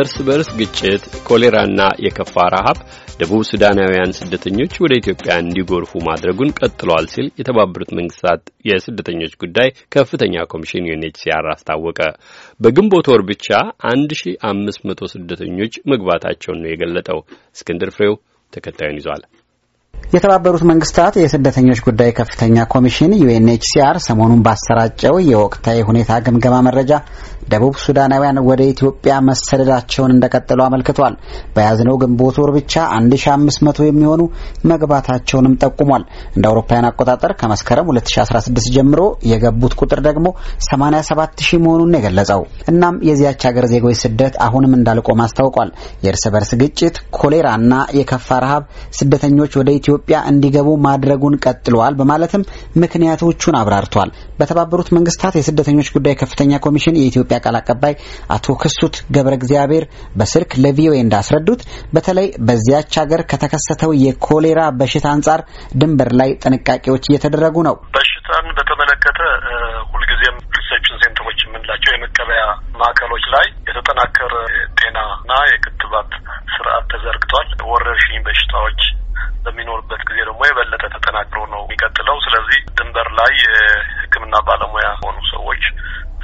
እርስ በርስ ግጭት፣ ኮሌራና የከፋ ረሃብ ደቡብ ሱዳናውያን ስደተኞች ወደ ኢትዮጵያ እንዲጎርፉ ማድረጉን ቀጥሏል ሲል የተባበሩት መንግስታት የስደተኞች ጉዳይ ከፍተኛ ኮሚሽን ዩኤንኤችሲአር አስታወቀ። በግንቦት ወር ብቻ 1500 ስደተኞች መግባታቸውን ነው የገለጠው። እስክንድር ፍሬው ተከታዩን ይዟል። የተባበሩት መንግስታት የስደተኞች ጉዳይ ከፍተኛ ኮሚሽን ዩኤንኤችሲአር ሰሞኑን ባሰራጨው የወቅታዊ ሁኔታ ግምገማ መረጃ ደቡብ ሱዳናውያን ወደ ኢትዮጵያ መሰደዳቸውን እንደቀጠሉ አመልክቷል። በያዝነው ግንቦት ወር ብቻ 1500 የሚሆኑ መግባታቸውንም ጠቁሟል። እንደ አውሮፓውያን አቆጣጠር ከመስከረም 2016 ጀምሮ የገቡት ቁጥር ደግሞ 87000 መሆኑን የገለጸው እናም የዚያች ሀገር ዜጎች ስደት አሁንም እንዳልቆም አስታውቋል። የእርስ በርስ ግጭት፣ ኮሌራና የከፋ ረሃብ ስደተኞች ወደ ኢትዮጵያ እንዲገቡ ማድረጉን ቀጥለዋል በማለትም ምክንያቶቹን አብራርቷል። በተባበሩት መንግስታት የስደተኞች ጉዳይ ከፍተኛ ኮሚሽን የኢትዮጵያ ቃል አቀባይ አቶ ክሱት ገብረ እግዚአብሔር በስልክ ለቪኦኤ እንዳስረዱት በተለይ በዚያች ሀገር ከተከሰተው የኮሌራ በሽታ አንጻር ድንበር ላይ ጥንቃቄዎች እየተደረጉ ነው። በሽታን በተመለከተ ሁልጊዜም ሪሴፕሽን ሴንተሮች የምንላቸው የመቀበያ ማዕከሎች ላይ የተጠናከረ ጤናና የክትባት ስርዓት ተዘርግቷል። ወረርሽኝ በሽታዎች በሚኖርበት ጊዜ ደግሞ የበለጠ ተጠናክሮ ነው የሚቀጥለው። ስለዚህ ድንበር ላይ የሕክምና ባለሙያ ሆኑ ሰዎች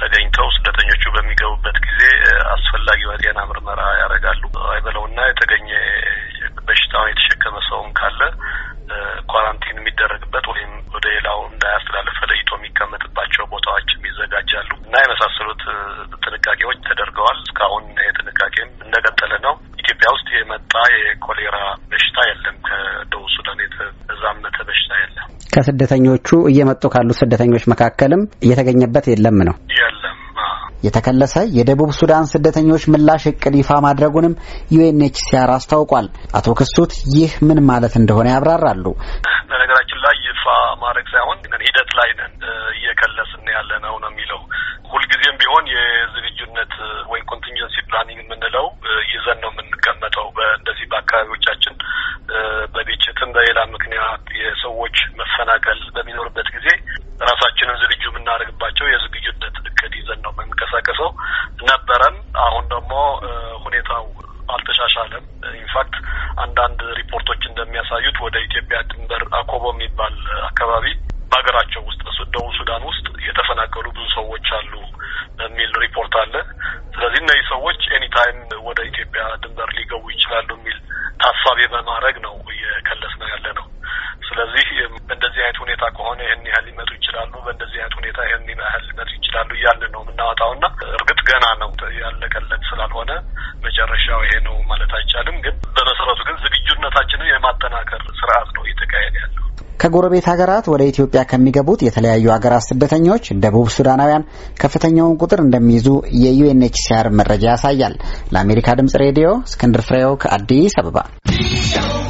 ተገኝተው ስደተኞቹ በሚገቡበት ጊዜ አስፈላጊ የጤና ምርመራ ያደርጋሉ። አይበለውና የተገኘ በሽታውን የተሸከመ ሰውም ካለ ኳራንቲን የሚደረግበት ወይም ወደ ሌላው እንዳያስተላልፈ ለይቶ የሚቀመጥባቸው ቦታዎችም ይዘጋጃሉ እና የመሳሰሉት ጥንቃቄዎች ተደርገዋል። እስካሁን ጥንቃቄም እንደቀጠለ ነው። ኢትዮጵያ ውስጥ የመጣ የኮሌራ በሽታ የለም። ከስደተኞቹ እየመጡ ካሉት ስደተኞች መካከልም እየተገኘበት የለም ነው የተከለሰ የደቡብ ሱዳን ስደተኞች ምላሽ እቅድ ይፋ ማድረጉንም ዩኤንኤችሲአር አስታውቋል። አቶ ክሱት ይህ ምን ማለት እንደሆነ ያብራራሉ። በነገራችን ላይ ይፋ ማድረግ ሳይሆን ሂደት ላይ ነን መሰናከል በሚኖርበት ጊዜ ራሳችንን ዝግጁ የምናደርግባቸው የዝግጁነት እቅድ ይዘን ነው የምንቀሳቀሰው። ነበረን። አሁን ደግሞ ሁኔታው አልተሻሻለም። ኢንፋክት አንዳንድ ሪፖርቶች እንደሚያሳዩት ወደ ኢትዮጵያ ድንበር አኮቦ የሚባል አካባቢ በሀገራቸው ውስጥ ደቡብ ሱዳን ውስጥ የተፈናቀሉ ብዙ ሰዎች አሉ የሚል ሪፖርት አለ። ስለዚህ እነዚህ ሰዎች ኤኒታይም ወደ ኢትዮጵያ ድንበር ሊገቡ ይችላሉ የሚል ታሳቢ በማድረግ ነው ያለቀለት ስላልሆነ መጨረሻው ይሄ ነው ማለት አይቻልም። ግን በመሰረቱ ግን ዝግጁነታችንን የማጠናከር ስርዓት ነው እየተካሄደ ያለው። ከጎረቤት ሀገራት ወደ ኢትዮጵያ ከሚገቡት የተለያዩ ሀገራት ስደተኞች ደቡብ ሱዳናውያን ከፍተኛውን ቁጥር እንደሚይዙ የዩኤንኤችሲአር መረጃ ያሳያል። ለአሜሪካ ድምጽ ሬዲዮ እስክንድር ፍሬው ከአዲስ አበባ